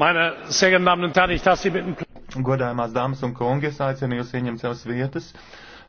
Meine sehr geehrten Damen und Herren, ich darf Sie bitten. Godājumās dāmas un kungi, es aicinu jūs ieņemt savas vietas.